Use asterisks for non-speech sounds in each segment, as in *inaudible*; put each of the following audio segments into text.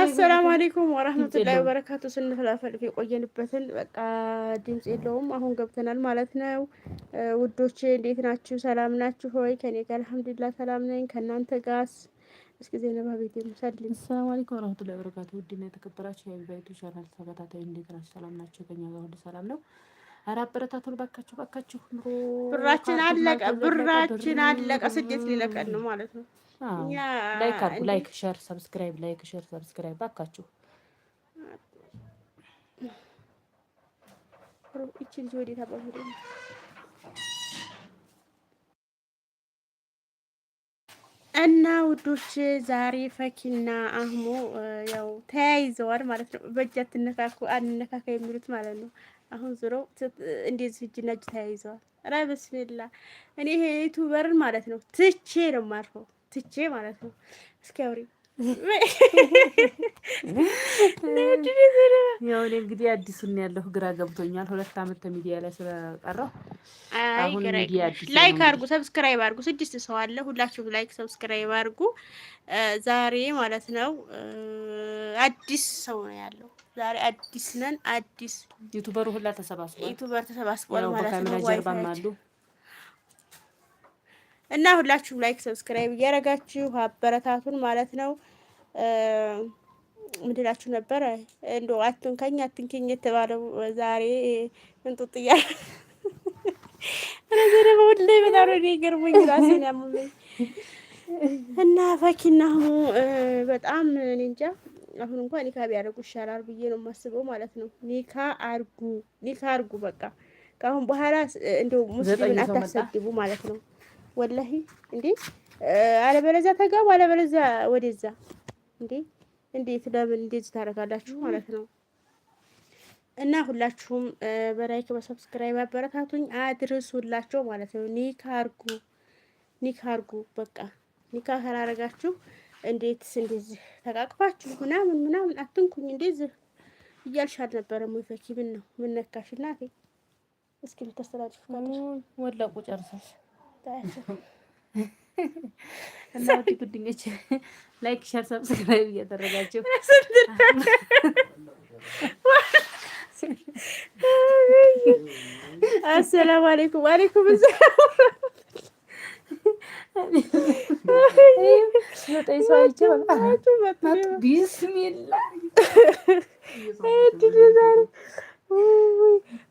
አሰላሙ አሌይኩም ወራህመቱላሂ ወበረካቱ። ስንፈላፈልፍ የቆየንበትን በቃ ድምጽ የለውም። አሁን ገብተናል ማለት ነው። ውዶቼ እንዴት ናችሁ? ሰላም ናችሁ ሆይ? ከኔ ጋር አልሐምዱሊላህ ሰላም ነኝ። ከእናንተ ጋርስ? እስኪ ዜና ቤት ሙሰልም። አሰላሙ አሌይኩም ወራህመቱላሂ ወበረካቱ። ውድና የተከበራችሁ የአቢባይቱ ቻናል ተከታታይ እንዴት ናችሁ? ሰላም ናችሁ? ከኛ ጋር ሁሉ ሰላም ነው። ኧረ አበረታቱን ባካችሁ፣ ባካችሁ። ብራችን አለቀ፣ ብራችን አለቀ። ስደት ሊለቀን ነው ማለት ነው። ላይክ አርጉ፣ ላይክ ሸር፣ ሰብስክራይብ፣ ላይክ ሸር፣ ሰብስክራይብ ባካችሁ። እቺ ልጅ ወዴት እና ውዶች ዛሬ ፈኪና አህሙ ያው ተያይዘዋል ማለት ነው። በእጅ አትነካኩ አንነካካ የሚሉት ማለት ነው። አሁን ዞሮ እንደዚህ እጅና እጅ ተያይዘዋል። ኧረ በስመ እኔ ይሄ ዩቱበርን ማለት ነው ትቼ ነው ማርፈው ትቼ ማለት ነው። እስኪ አውሪ ያው እኔ እንግዲህ አዲሱን ያለሁ ግራ ገብቶኛል። ሁለት አመት ሚዲያ ላይ ስለቀረሁ አሁን ሚዲያ ላይክ ሰብስክራይብ አድርጉ። ስድስት ሰው አለ። ሁላችሁም ላይክ ሰብስክራይብ አድርጉ። ዛሬ ማለት ነው አዲስ ሰው ነው ያለው። ዛሬ አዲስ ነን። አዲስ ዩቱበሩ ሁላ ተሰባስቧል። ዩቱበር ተሰባስቧል ማለት ነው። እና ሁላችሁም ላይክ ሰብስክራይብ እያደረጋችሁ አበረታቱን ማለት ነው። ምድላችሁ ነበረ እንዶ አትንከኝ አትንኪኝ የተባለው ዛሬ እንጡጥ እያለ ረዘ *laughs* ደግሞ ላይ በጣም ነው ገርሞኝ ራሴን ያመመኝ እና ፈኪናሁ በጣም እንጃ። አሁን እንኳን ኒካ ቢያደርጉ ይሻላል ብዬ ነው የማስበው ማለት ነው። ኒካ አርጉ፣ ኒካ አርጉ። በቃ ከአሁን በኋላ እንደው ሙስሊምን አታሰድቡ ማለት ነው። ወላሂ እንዴ አለበለዚያ ተጋቡ፣ አለበለዚያ ወደዛ እንዴ እንዴት ለምን እንደዚህ ታደርጋላችሁ ማለት ነው። እና ሁላችሁም በላይክ በሰብስክራይብ አበረታቱኝ፣ አድርሱላቸው ማለት ነው። ኒካ አርጉ፣ ኒካ አርጉ። በቃ ኒካ ካላረጋችሁ እንዴት እንደዚህ ተቃቅፋችሁ ምናምን ምናምን አትንኩኝ እንደዚህ እያልሽ አልነበረም ወይ ፈኪ? ምን ነው ምን ነካሽ እናቴ? እስኪ ልታስተላልፍ ወላቁ ጨርሰሽ እና ውድ ጉድኞች ላይክ፣ ሸር፣ ሰብስክራይብ እያደረጋችሁ አሰላሙ አለይኩም አለይኩም ቢስሚላ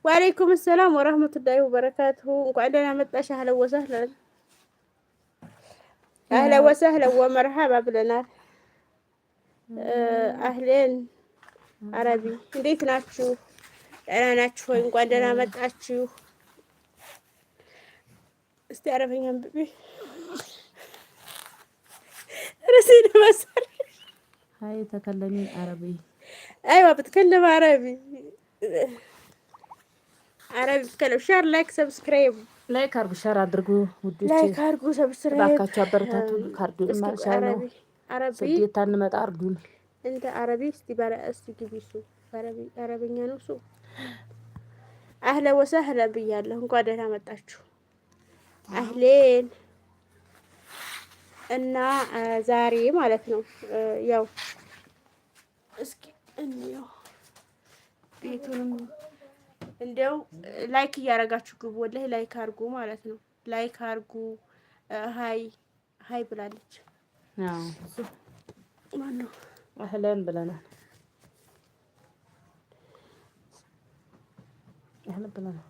ወአለይኩም ሰላም ወራህመቱላሂ ወበረካቱሁ። እንኳን ደህና መጣሽ። አህለ ወሰህለን አህለ ወሰህለን ወመርሃባ ብለናል። አህለን አረቢ እንዴት ናችሁ? ደህና ናችሁ ወይ? እንኳን ደህና መጣችሁ። እስቲ አረበኛ አንብቢ። ረሲን መሰል አይ ተከለሚ አረቢ አይዋ ብትከለም አረቢ አረብ ከለው ሸር ላይክ ሰብስክራይብ ላይክ አርጉ፣ ሼር አድርጉ፣ ውዴ ላይክ አርጉ፣ ሰብስክራይብ አበረታቱ። ካርዱ ነው አረብ አንመጣ አርዱን አረቢ እስቲ እስቲ ግቢ እሱ አረቢ አረብኛ ነው እሱ። አህለ ወሰህለ ብያለሁ። እንኳ ደህና መጣችሁ። አህሌን እና ዛሬ ማለት ነው ያው እስኪ እንየው ቤቱንም እንደው ላይክ እያደረጋችሁ ግቡ። ወላሂ ላይክ አርጉ ማለት ነው። ላይክ ሀይ ሀይ ብላለች። ማነው አህለን ብለናል። አህለን ብለናል።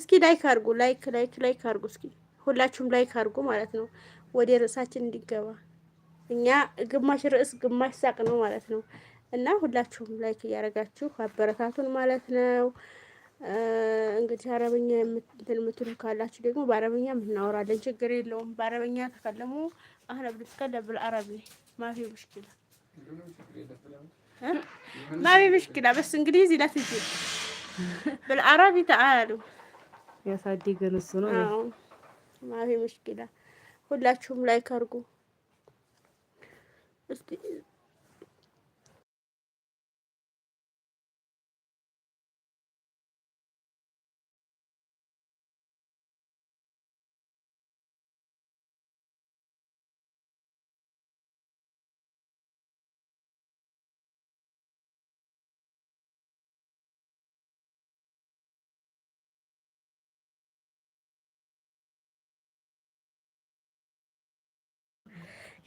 እስኪ ላይክ ላይክ ላይክ ላይክ እስኪ ሁላችሁም ላይክ ማለት ነው። ወደ ርዕሳችን እንዲገባ እኛ ግማሽ ርዕስ ግማሽ ሳቅ ነው ማለት ነው። እና ሁላችሁም ላይክ እያደረጋችሁ አበረታቱን ማለት ነው። እንግዲህ አረበኛ የምትሉ ካላችሁ ደግሞ በአረበኛ የምናወራለን፣ ችግር የለውም። በአረበኛ ተከለሙ አህነ ለብል አረቢ ማፊ ሙሽኪላ ማፊ ሙሽኪላ በስ እንግዲህ እዚህ ላት ጅ ብልአረቢ ተአሉ ያሳዲገን እሱ ነው ማፊ ሙሽኪላ። ሁላችሁም ላይክ አርጉ እስቲ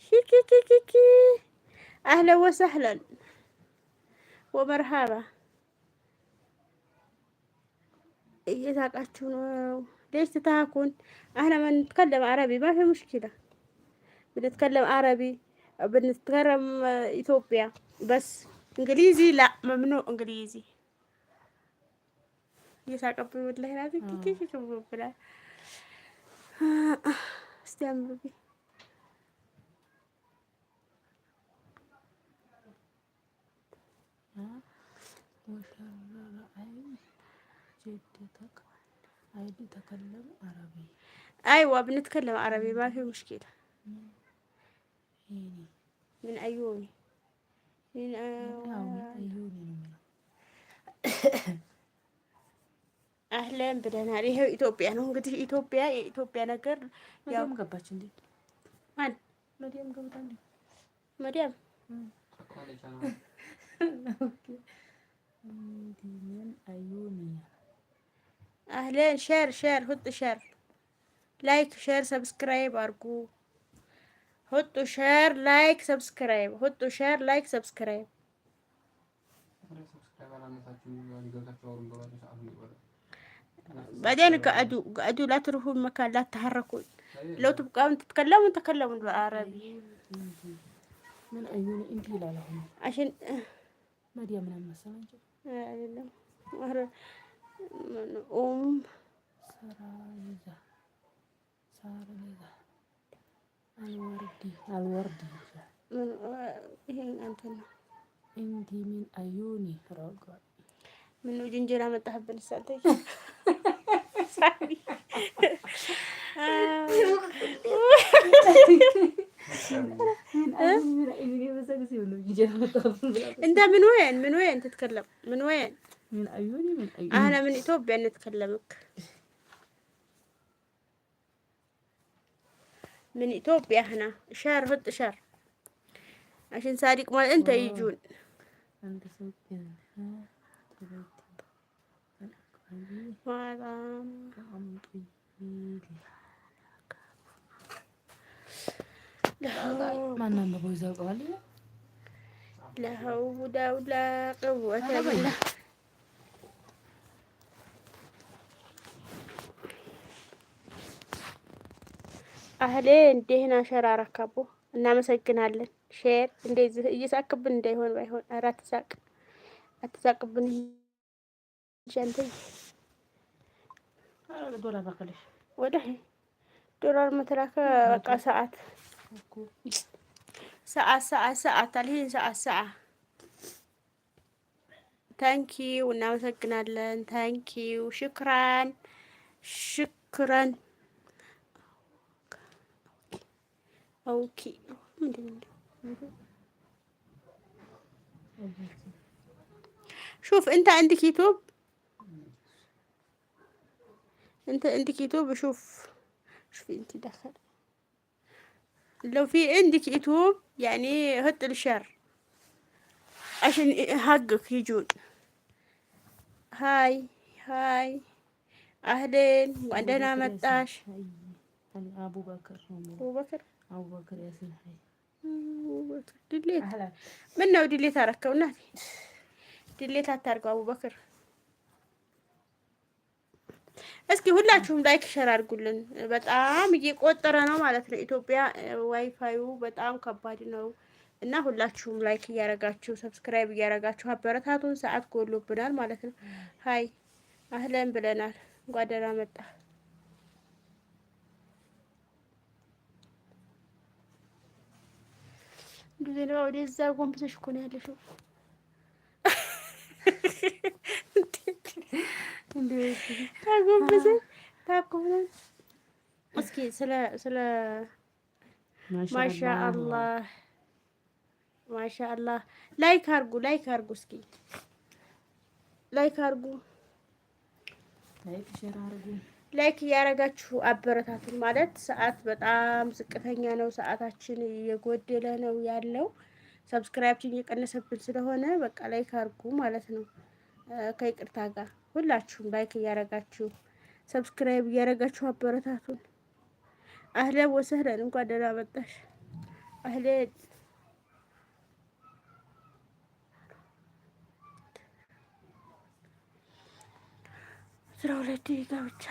كي كي كي أهلا وسهلا ومرحبا እየሳቃችሁ إيه ነው። ليش تتاكون احنا ما نتكلم عربي ما في مشكلة بنتكلم عربي بنتكلم إثيوبيا بس إنجليزي لا ممنوع إنجليزي ابو እየሳቀብኝ ወላሂ كيف ኪኪ ብላ استعمل بي أيوة بنتكلم عربي ما في مشكلة من من አህለን ብለናል። ይሄው ኢትዮጵያ ነው እንግዲህ ኢትዮጵያ የኢትዮጵያ ነገር ያው ገባች እንዴ? ማን መዲያም ገብታ እንዴ? መዲያም من ايونيا اهلين شير شير حطوا شير لايك شير سبسكرايب ارجو حطوا شير لايك سبسكرايب حطوا شير لايك سبسكرايب بعدين قعدوا قعدوا لا تروحوا المكان لا تتحركوا لو أيوة. تبقوا تتكلموا تكلموا بالعربي من ايوني انت أيوة، لا أيوة. لهم عشان መዲያ ምን መሰለኝ አይደለም። ኧረ ኦም ሰራዛ ሰራዛ አልወርዲ አልወርዲ ይሄ እንትን ነው። እንዲ ምን አዩኒ ረጋ ምን ነው ጅንጀራ መጣህብን? ሳንተ *laughs* ሳሪ انت من وين من وين تتكلم من وين من عيوني من عيوني انا من اثيوبيا نتكلمك من اثيوبيا هنا شهر حط شهر عشان صادق مال انت يجون ما ማን አንብቦ ይዘው ቀዋል ለሀውዳው ላቅወተ ላ አህሌ እንዴህን አሸራራካቦ እናመሰግናለን። ሼር እንደዚህ እየሳቅብን እንዳይሆን ባይሆን፣ ኧረ አትሳቅ አትሳቅብን። ሸንተይ ወደ ዶላር መተላከ በቃ ሰዓት ساعة ساعة ساعة تعالي ساعة ساعة ታንኪው እናመሰግናለን። ታንኪው ሽክራን ሽክራን ኦኬ شوف انت عندك يوتيوب انت عندك يوتيوب شوف شوفي انت دخل لو في عندك يتوب يعني هط الشر عشان حقك يجون هاي هاي أهلين وعندنا مطاش أبو بكر أبو بكر أبو بكر ياسين حي أبو بكر دليت منو دليت أركبنا دليت أتركوا أبو بكر እስኪ ሁላችሁም ላይክ ሸር አድርጉልን። በጣም እየቆጠረ ነው ማለት ነው። ኢትዮጵያ ዋይፋዩ በጣም ከባድ ነው እና ሁላችሁም ላይክ እያረጋችሁ ሰብስክራይብ እያረጋችሁ አበረታቱን። ሰዓት ጎሎብናል ማለት ነው። ሀይ አህለን ብለናል። ጓደራ መጣ ጊዜ ወደዛ ጎንብሰሽ እኮ ነው ያለሽው እስኪ ስለ ስለ ማሻ አላህ ማሻ አላህ ላይክ አድርጉ፣ ላይክ እስኪ ላይክ ላይክ ማለት ሰዓት በጣም ዝቅተኛ ነው፣ ሰዓታችን እየጎደለ ነው ያለው ሰብስክራይብችን እየቀነሰብን ስለሆነ በቃ ላይክ አድርጉ ማለት ነው። ከይቅርታ ጋር ሁላችሁም ላይክ እያረጋችሁ ሰብስክራይብ እያረጋችሁ አበረታቱን። አህለን ወሰህለን እንኳን ደህና መጣሽ አህለን። አስራ ሁለት ደቂቃ ብቻ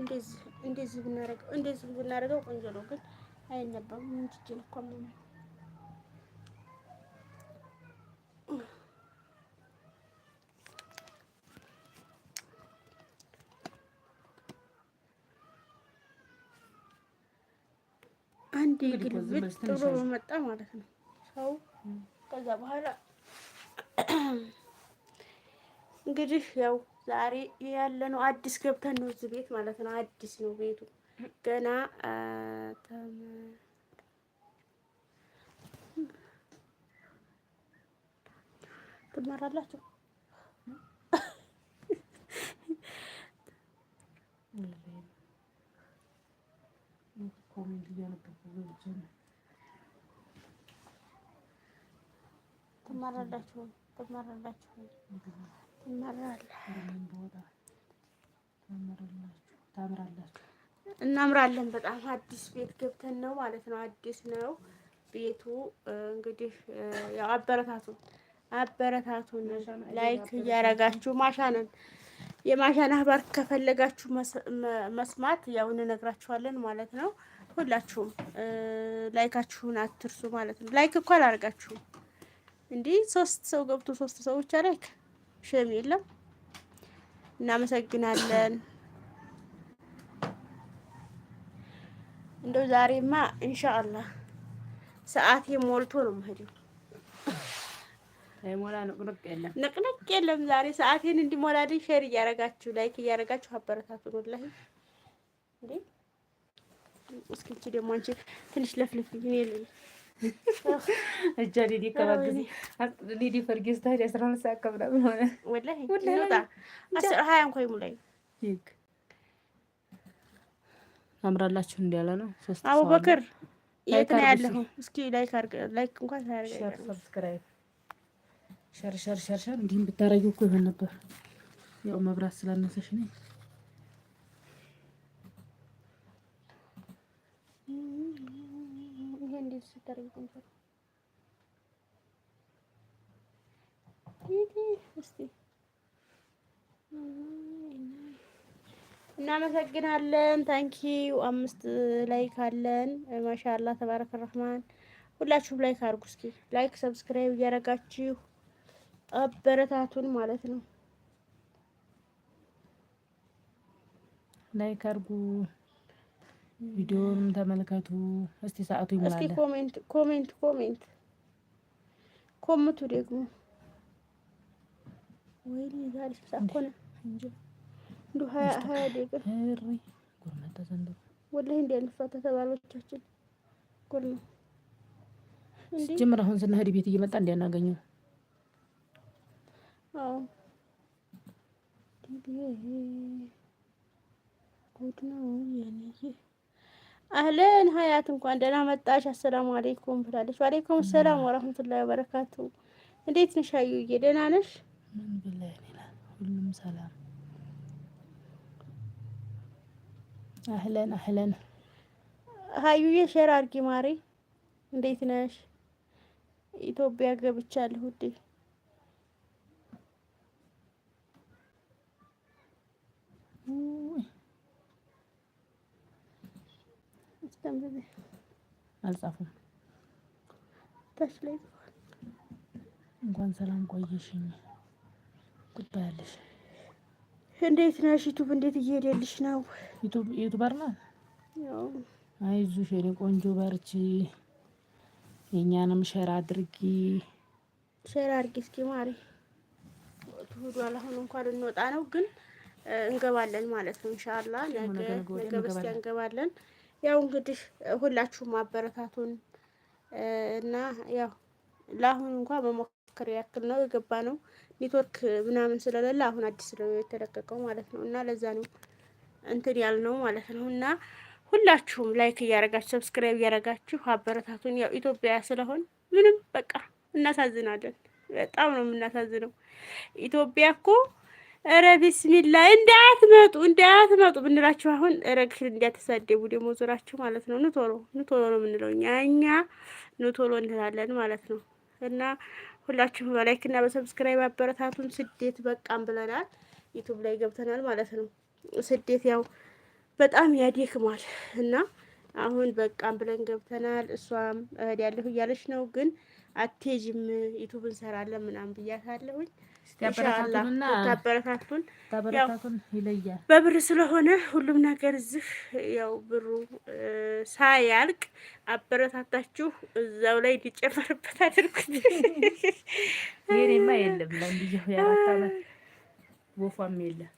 እንደዚህ እንደዚህ ብናረገው እንደዚህ ብናረገው ቆንጆ ነው፣ ግን አይነባም። ምን ትችል አንድ ግልብጥ ብሎ በመጣ ማለት ነው ሰው። ከዛ በኋላ *coughs* እንግዲህ ያው ዛሬ ያለ ነው። አዲስ ገብተን ነው እዚህ ቤት ማለት ነው። አዲስ ነው ቤቱ ገና ትማራላችሁ። ትመራላችሁ ትማራላችሁ እናምራለን በጣም አዲስ ቤት ገብተን ነው ማለት ነው። አዲስ ነው ቤቱ። እንግዲህ ያው አበረታቱን አበረታቱን፣ ላይክ እያረጋችሁ ማሻነን የማሻን አህባር ከፈለጋችሁ መስማት ያው እንነግራችኋለን ማለት ነው። ሁላችሁም ላይካችሁን አትርሱ ማለት ነው። ላይክ እኮ አላደርጋችሁም እንዲህ ሶስት ሰው ገብቶ ሶስት ሰው ብቻ ላይክ ሽም የለም። እናመሰግናለን። እንደው ዛሬማ ኢንሻአላህ ሰዓቴ ሞልቶ ነው የምሄደው። ሞላ ንቅንቅ የለም ንቅንቅ የለም። ዛሬ ሰዓቴን እንዲሞላልኝ ሼር እያደረጋችሁ ላይክ እያደረጋችሁ አበረታቱን። ወላሂ እንዴ እስኪ ደግሞ አንቺ ትንሽ ለፍልፍ እጃ ሌዲ ከባጊዜ ሌዲ ፈርጌስ ታዲያ አስራ ሁለት ሰዓት ከምናምን ሆነ። ሀያ እንኳ እንዲ ያለ ነው። አቡበክር የት ነው እስኪ ላይክ እንኳን ሳያደርግ ሸርሸርሸርሸር እንዲህም ብታረጊው እኮ ይሆን ነበር። ያው መብራት ስላነሰሽ እናመሰግናለን። ታንኪው አምስት ላይክ አለን። ማሻላ ተባረከ ረህማን። ሁላችሁም ላይክ አድርጉ እስኪ ላይክ ሰብስክራይብ እያደረጋችሁ አበረታቱን ማለት ነው። ላይክ አድርጉ። ቪዲዮም ተመልከቱ። እስቲ ሰዓቱ ይሞላል። እስኪ ኮሜንት ኮሜንት ኮሜንት ኮምቱ ደግሞ ወይኔ ዛሬ ስብሰባ እንጂ እንዱ ሀያ ሀያ ደቂቃ ዘንድሮ ወላሂ እንዲ አንፋታ ተባሎቻችን ጎርመ ጀምር አሁን ስናህድ ቤት እየመጣ እንዲያናገኘው አዎ ጉድ ነው የኔ አህለን ሀያት እንኳን ደህና መጣሽ። አሰላሙ አሌይኩም ብላለች። ዋሌይኩም ሰላም ወረህመቱላሂ ወበረካቱ። እንዴት ነሽ አዩዬ? ደህና ነሽ? ሁሉም ሰላም። አህለን አህለን። ሀዩዬ ሸር አርጊ ማሬ። እንዴት ነሽ? ኢትዮጵያ ገብቻለሁ ውዴ አስተምሪ አልጻፉም። ታች ላይ እንኳን ሰላም ቆየሽኝ። ጉዳያለሽ እንዴት ነሽ? ዩቱብ እንዴት እየሄደልሽ ነው? ዩቱብ ዩቱበር ነው። አይዞሽ የኔ ቆንጆ በርቺ። የእኛንም ሸር አድርጊ፣ ሸር አድርጊ። እስኪ ማሪ ትሁዱ አሁን እንኳን ልንወጣ ነው፣ ግን እንገባለን ማለት ነው። ኢንሻአላህ ነገ በስቲያ እንገባለን። ያው እንግዲህ ሁላችሁም ማበረታቱን እና ያው ለአሁን እንኳን መሞከር ያክል ነው የገባ ነው። ኔትወርክ ምናምን ስለሌለ አሁን አዲስ ነው የተለቀቀው ማለት ነው። እና ለዛ ነው እንትን ያልነው ማለት ነው። እና ሁላችሁም ላይክ እያረጋችሁ ሰብስክራይብ እያረጋችሁ አበረታቱን። ያው ኢትዮጵያ ስለሆን ምንም በቃ እናሳዝናለን። በጣም ነው የምናሳዝነው ኢትዮጵያ እኮ ረ ቢስሚላ እንዳትመጡ እንዳትመጡ ብንላችሁ አሁን ረግሽል እንዳትሳደቡ ደግሞ ዞራችሁ ማለት ነው። ንቶሎ ንቶሎ ነው የምንለው እኛ እኛ ንቶሎ እንላለን ማለት ነው። እና ሁላችሁም በላይክ እና በሰብስክራይብ አበረታቱን። ስደት በቃም ብለናል። ዩቱብ ላይ ገብተናል ማለት ነው። ስደት ያው በጣም ያደክማል እና አሁን በቃም ብለን ገብተናል። እሷም ያለሁ እያለች ነው ግን አቴጅም ዩቱብ እንሰራለን ምናምን ብያታለሁኝ። ያበረታቱንና ታበረታቱን ታበረታቱን ይለያል። በብር ስለሆነ ሁሉም ነገር እዚህ ያው ብሩ ሳያልቅ አበረታታችሁ እዛው ላይ እንዲጨመርበት አድርጉት። *laughs* የኔማ የለም ለእንዲሁ ያራታለ ወፏም የለም።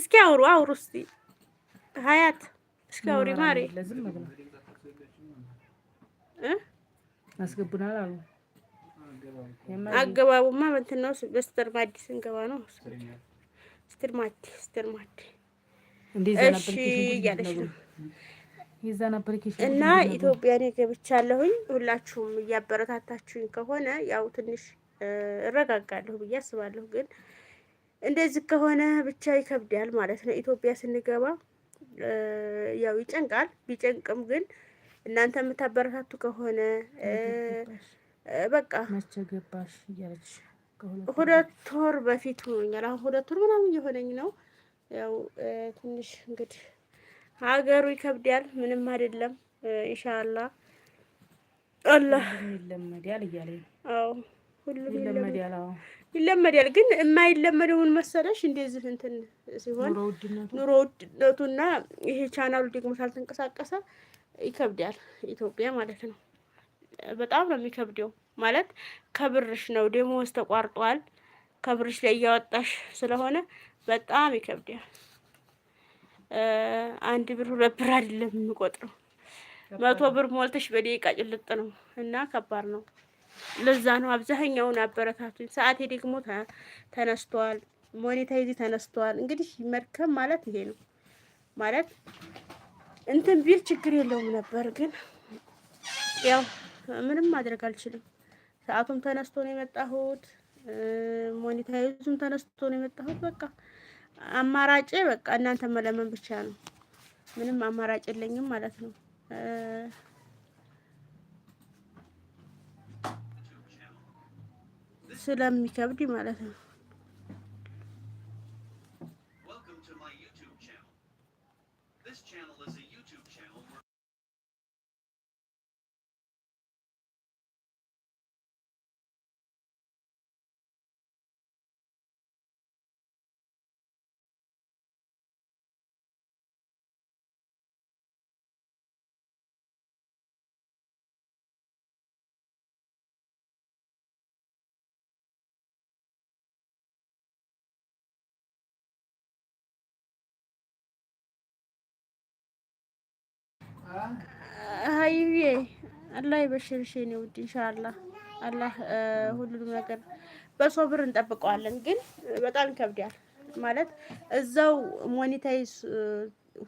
እስኪ አውሩ አውሩ እስቲ ሀያት እስኪ አውሪ ማሬ አስገቡናል አሉ አገባቡማ እንትን ነው። በስተርማዲ ስንገባ ነው ስትርማዲ ስትርማዲ እሺ እያለች ነው እና ኢትዮጵያ እኔ ገብቻለሁኝ። ሁላችሁም እያበረታታችሁኝ ከሆነ ያው ትንሽ እረጋጋለሁ ብዬ አስባለሁ። ግን እንደዚህ ከሆነ ብቻ ይከብዳል ማለት ነው። ኢትዮጵያ ስንገባ ያው ይጨንቃል። ቢጨንቅም ግን እናንተ የምታበረታቱ ከሆነ በቃ መቼ ገባሽ እያለች ሁለት ወር በፊት ሆኖኛል። አሁን ሁለት ወር ምናምን እየሆነኝ ነው። ያው ትንሽ እንግዲህ ሀገሩ ይከብዳል። ምንም አይደለም። ኢንሻአላ አላህ ይለመዳል እያለ አዎ፣ ሁሉም ይለመዳል። አዎ ሁሉም ይለመዳል ይለመዳል ግን የማይለመደውን መሰለሽ እንደዚህ እንትን ሲሆን ኑሮ ውድነቱና ይሄ ቻናሉ ደግሞ ሳልተንቀሳቀሰ ይከብዳል። ኢትዮጵያ ማለት ነው በጣም ነው የሚከብደው። ማለት ከብርሽ ነው ደሞዝ ተቋርጧል። ከብርሽ ላይ እያወጣሽ ስለሆነ በጣም ይከብዳል። አንድ ብር ሁለት ብር አይደለም የሚቆጥረው መቶ ብር ሞልተሽ በደቂቃ ጭልጥ ነው እና ከባድ ነው። ለዛ ነው አብዛኛውን አበረታቱኝ። ሰዓቴ ደግሞ ተነስቷል፣ ሞኔታይዝ ተነስቷል። እንግዲህ መድከም ማለት ይሄ ነው ማለት እንትን ቢል ችግር የለውም ነበር ግን ያው ምንም ማድረግ አልችልም። ሰዓቱም ተነስቶ ነው የመጣሁት፣ ሞኒታይዙም ተነስቶ ነው የመጣሁት። በቃ አማራጭ በቃ እናንተ መለመን ብቻ ነው። ምንም አማራጭ የለኝም ማለት ነው። ስለሚከብድ ማለት ነው። ሀይዬ አላህ ይበሽርሽ የኔ ውድ ኢንሻአላህ። አላህ ሁሉንም ነገር በሰው ብር እንጠብቀዋለን። ግን በጣም ይከብዳል ማለት እዛው ሞኔታይዝ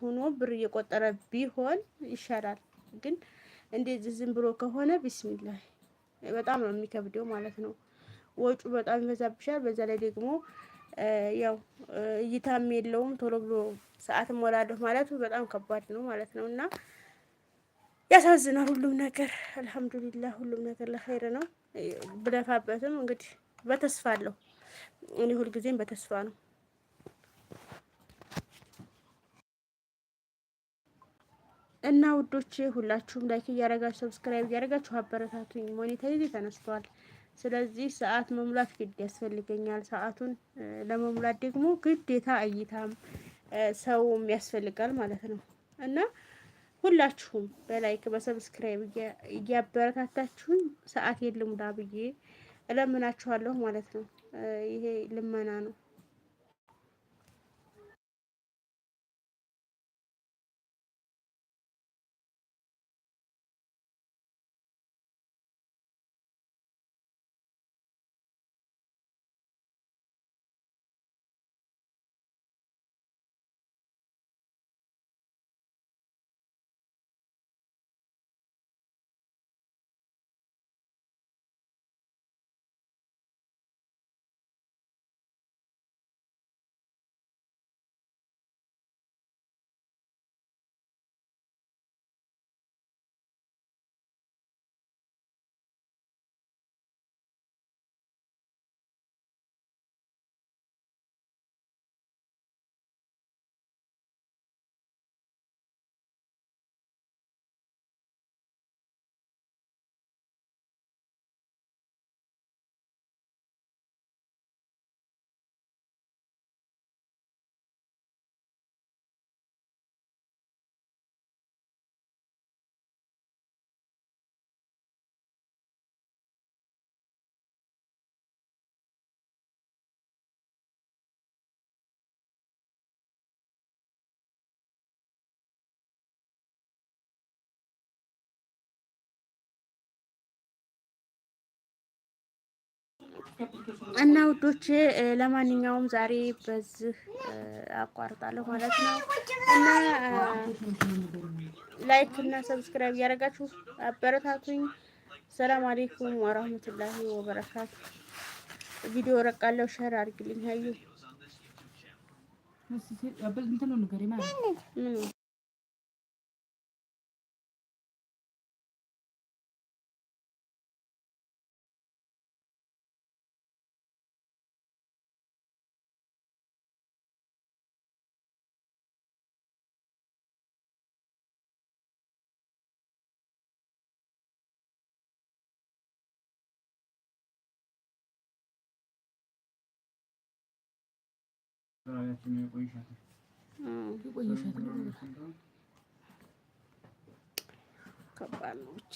ሆኖ ብር እየቆጠረ ቢሆን ይሻላል። ግን እንደዚህ ዝም ብሎ ከሆነ ቢስሚላህ በጣም ነው የሚከብደው ማለት ነው። ወጩ በጣም ይበዛብሻል። በዛ ላይ ደግሞ ያው እይታም የለውም ቶሎ ብሎ ሰዓት እሞላለሁ ማለቱ በጣም ከባድ ነው ማለት ነው እና ያሳዝናል። ሁሉም ነገር አልሐምዱሊላ፣ ሁሉም ነገር ለኸይር ነው። ብለፋበትም እንግዲህ በተስፋ አለው። እኔ ሁልጊዜም በተስፋ ነው። እና ውዶች ሁላችሁም ላይክ እያደረጋችሁ ሰብስክራይብ እያደረጋችሁ አበረታቱኝ። ሞኔታይዝ ተነስተዋል። ስለዚህ ሰዓት መሙላት ግድ ያስፈልገኛል። ሰዓቱን ለመሙላት ደግሞ ግዴታ እይታም ሰውም ያስፈልጋል ማለት ነው እና ሁላችሁም በላይክ በሰብስክራይብ እያበረታታችሁኝ ሰዓት የልሙዳ ብዬ እለምናችኋለሁ ማለት ነው። ይሄ ልመና ነው። እና ውዶች ለማንኛውም ዛሬ በዚህ አቋርጣለሁ ማለት ነው። እና ላይክ እና ሰብስክራይብ እያደረጋችሁ አበረታቱኝ። ሰላም አሌይኩም ወራህመቱላሂ ወበረካቱ። ቪዲዮ ረቃለሁ፣ ሸር አድርግልኝ። ሀዩ ከባድ ነው ብቻ